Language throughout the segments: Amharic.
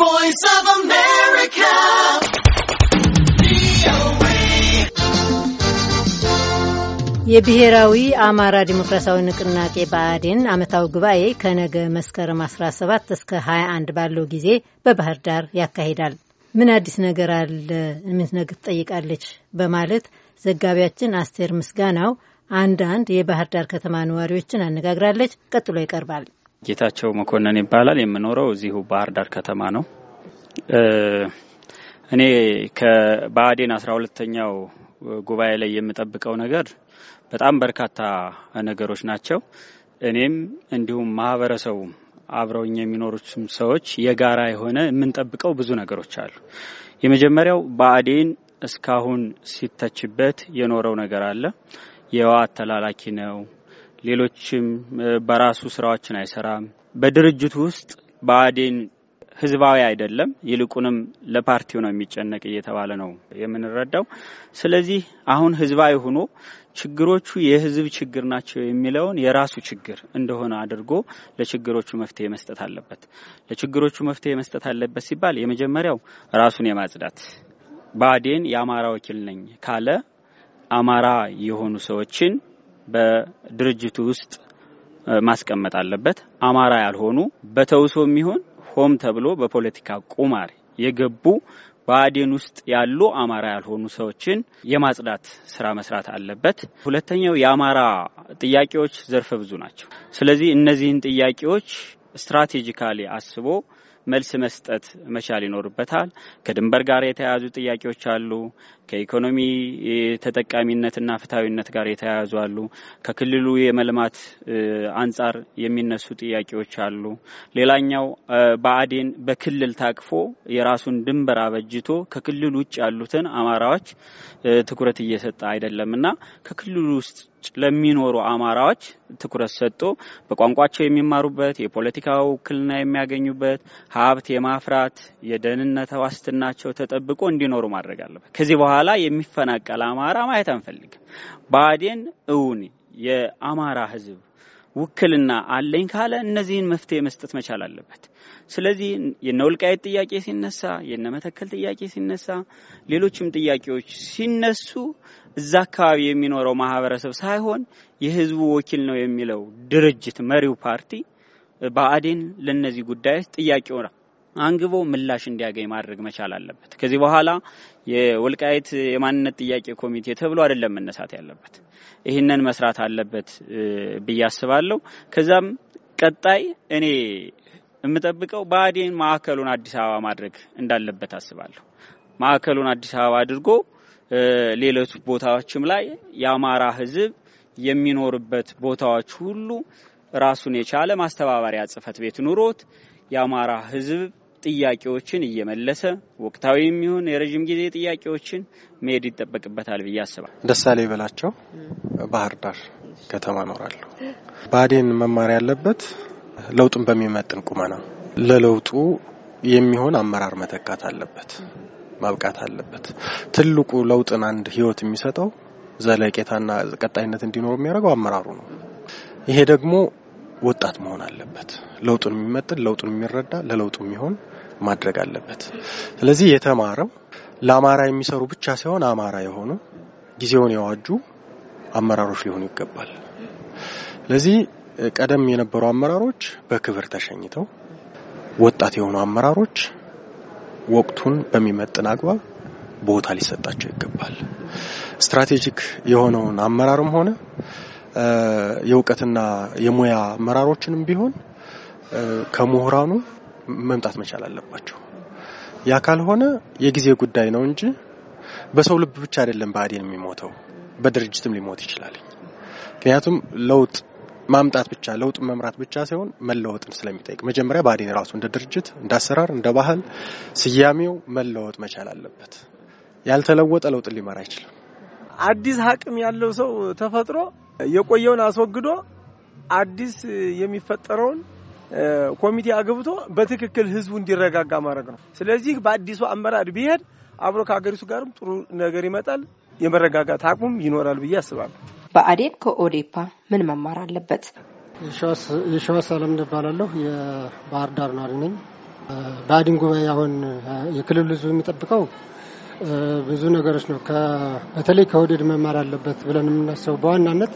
voice of America. የብሔራዊ አማራ ዲሞክራሲያዊ ንቅናቄ ብአዴን ዓመታዊ ጉባኤ ከነገ መስከረም 17 እስከ 21 ባለው ጊዜ በባህር ዳር ያካሂዳል። ምን አዲስ ነገር አለ? ምን ነገር ትጠይቃለች? በማለት ዘጋቢያችን አስቴር ምስጋናው አንዳንድ የባህር ዳር ከተማ ነዋሪዎችን አነጋግራለች። ቀጥሎ ይቀርባል። ጌታቸው መኮንን ይባላል። የምኖረው እዚሁ ባህር ዳር ከተማ ነው። እኔ ከባአዴን አስራ ሁለተኛው ጉባኤ ላይ የምጠብቀው ነገር በጣም በርካታ ነገሮች ናቸው። እኔም እንዲሁም ማህበረሰቡ አብረውኝ የሚኖሩትም ሰዎች የጋራ የሆነ የምንጠብቀው ብዙ ነገሮች አሉ። የመጀመሪያው ባአዴን እስካሁን ሲተችበት የኖረው ነገር አለ። የህወሓት ተላላኪ ነው ሌሎችም በራሱ ስራዎችን አይሰራም። በድርጅቱ ውስጥ በአዴን ህዝባዊ አይደለም፣ ይልቁንም ለፓርቲው ነው የሚጨነቅ እየተባለ ነው የምንረዳው። ስለዚህ አሁን ህዝባዊ ሆኖ ችግሮቹ የህዝብ ችግር ናቸው የሚለውን የራሱ ችግር እንደሆነ አድርጎ ለችግሮቹ መፍትሄ መስጠት አለበት። ለችግሮቹ መፍትሄ መስጠት አለበት ሲባል የመጀመሪያው ራሱን የማጽዳት ብአዴን የአማራ ወኪል ነኝ ካለ አማራ የሆኑ ሰዎችን በድርጅቱ ውስጥ ማስቀመጥ አለበት። አማራ ያልሆኑ በተውሶ የሚሆን ሆም ተብሎ በፖለቲካ ቁማር የገቡ በአዴን ውስጥ ያሉ አማራ ያልሆኑ ሰዎችን የማጽዳት ስራ መስራት አለበት። ሁለተኛው የአማራ ጥያቄዎች ዘርፈ ብዙ ናቸው። ስለዚህ እነዚህን ጥያቄዎች ስትራቴጂካሊ አስቦ መልስ መስጠት መቻል ይኖርበታል። ከድንበር ጋር የተያያዙ ጥያቄዎች አሉ። ከኢኮኖሚ ተጠቃሚነትና ፍትሐዊነት ጋር የተያያዙ አሉ። ከክልሉ የመልማት አንጻር የሚነሱ ጥያቄዎች አሉ። ሌላኛው በአዴን በክልል ታቅፎ የራሱን ድንበር አበጅቶ ከክልል ውጭ ያሉትን አማራዎች ትኩረት እየሰጠ አይደለምና ከክልሉ ውስጥ ውጭ ለሚኖሩ አማራዎች ትኩረት ሰጥቶ በቋንቋቸው የሚማሩበት፣ የፖለቲካ ውክልና የሚያገኙበት፣ ሀብት የማፍራት የደህንነት ዋስትናቸው ተጠብቆ እንዲኖሩ ማድረግ አለበት። ከዚህ በኋላ የሚፈናቀል አማራ ማየት አንፈልግም። ብአዴን እውን የአማራ ህዝብ ውክልና አለኝ ካለ እነዚህን መፍትሄ መስጠት መቻል አለበት። ስለዚህ የነወልቃየት ጥያቄ ሲነሳ የነመተከል ጥያቄ ሲነሳ ሌሎችም ጥያቄዎች ሲነሱ እዛ አካባቢ የሚኖረው ማህበረሰብ ሳይሆን የህዝቡ ወኪል ነው የሚለው ድርጅት መሪው ፓርቲ ብአዴን ለነዚህ ጉዳዮች ጥያቄው አንግቦ ምላሽ እንዲያገኝ ማድረግ መቻል አለበት። ከዚህ በኋላ የወልቃይት የማንነት ጥያቄ ኮሚቴ ተብሎ አይደለም መነሳት ያለበት። ይህንን መስራት አለበት ብዬ አስባለሁ። ከዛም ቀጣይ እኔ የምጠብቀው ብአዴን ማዕከሉን አዲስ አበባ ማድረግ እንዳለበት አስባለሁ። ማዕከሉን አዲስ አበባ አድርጎ ሌሎች ቦታዎችም ላይ የአማራ ሕዝብ የሚኖርበት ቦታዎች ሁሉ ራሱን የቻለ ማስተባበሪያ ጽፈት ቤት ኑሮት የአማራ ሕዝብ ጥያቄዎችን እየመለሰ ወቅታዊ የሚሆን የረዥም ጊዜ ጥያቄዎችን መሄድ ይጠበቅበታል ብዬ አስባለሁ። ደሳሌ በላቸው ባህር ዳር ከተማ እኖራለሁ። ብአዴን መማር ያለበት ለውጡን በሚመጥን ቁመና ለለውጡ የሚሆን አመራር መተካት አለበት፣ ማብቃት አለበት። ትልቁ ለውጥን አንድ ህይወት የሚሰጠው ዘለቄታና ቀጣይነት እንዲኖረው የሚያደርገው አመራሩ ነው። ይሄ ደግሞ ወጣት መሆን አለበት። ለውጡን የሚመጥን ለውጡን የሚረዳ ለለውጡ የሚሆን ማድረግ አለበት። ስለዚህ የተማረው ለአማራ የሚሰሩ ብቻ ሳይሆን አማራ የሆኑ ጊዜውን የዋጁ አመራሮች ሊሆኑ ይገባል። ስለዚህ ቀደም የነበሩ አመራሮች በክብር ተሸኝተው ወጣት የሆኑ አመራሮች ወቅቱን በሚመጥን አግባብ ቦታ ሊሰጣቸው ይገባል። ስትራቴጂክ የሆነውን አመራርም ሆነ የእውቀትና የሙያ አመራሮችንም ቢሆን ከምሁራኑ መምጣት መቻል አለባቸው። ያ ካልሆነ የጊዜ ጉዳይ ነው እንጂ በሰው ልብ ብቻ አይደለም ብአዴን የሚሞተው፣ በድርጅትም ሊሞት ይችላል። ምክንያቱም ለውጥ ማምጣት ብቻ ለውጥ መምራት ብቻ ሳይሆን መለወጥን ስለሚጠይቅ መጀመሪያ ብአዴን ራሱ እንደ ድርጅት፣ እንደ አሰራር፣ እንደ ባህል ስያሜው መለወጥ መቻል አለበት። ያልተለወጠ ለውጥ ሊመራ አይችልም። አዲስ አቅም ያለው ሰው ተፈጥሮ የቆየውን አስወግዶ አዲስ የሚፈጠረውን ኮሚቴ አግብቶ በትክክል ህዝቡ እንዲረጋጋ ማድረግ ነው። ስለዚህ በአዲሱ አመራር ቢሄድ አብሮ ከሀገሪቱ ጋርም ጥሩ ነገር ይመጣል፣ የመረጋጋት አቅሙም ይኖራል ብዬ አስባለሁ። በአዴን ከኦዴፓ ምን መማር አለበት? የሸዋስ አለም እባላለሁ። የባህር ዳር ነዋሪ ነኝ። ብአዴን ጉባኤ አሁን የክልሉ ህዝብ የሚጠብቀው ብዙ ነገሮች ነው። በተለይ ከወዴድ መማር አለበት ብለን የምናስበው በዋናነት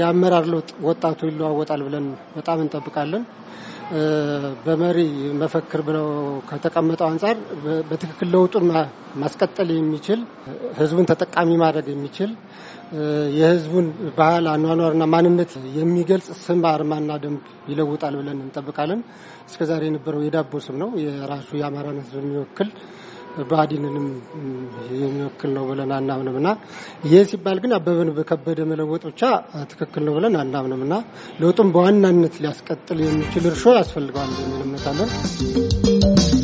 የአመራር ለውጥ ወጣቱ ይለዋወጣል ብለን በጣም እንጠብቃለን። በመሪ መፈክር ብለው ከተቀመጠው አንጻር በትክክል ለውጡን ማስቀጠል የሚችል ህዝቡን ተጠቃሚ ማድረግ የሚችል የህዝቡን ባህል አኗኗርና ማንነት የሚገልጽ ስም አርማና ደንብ ይለውጣል ብለን እንጠብቃለን። እስከዛሬ የነበረው የዳቦ ስም ነው። የራሱ የአማራን ህዝብ የሚወክል ብአዴንንም የሚወክል ነው ብለን አናምንም እና ይህ ሲባል ግን አበበን በከበደ መለወጥ ብቻ ትክክል ነው ብለን አናምንም እና ለውጡም በዋናነት ሊያስቀጥል የሚችል እርሾ ያስፈልገዋል የሚል እምነት አለን።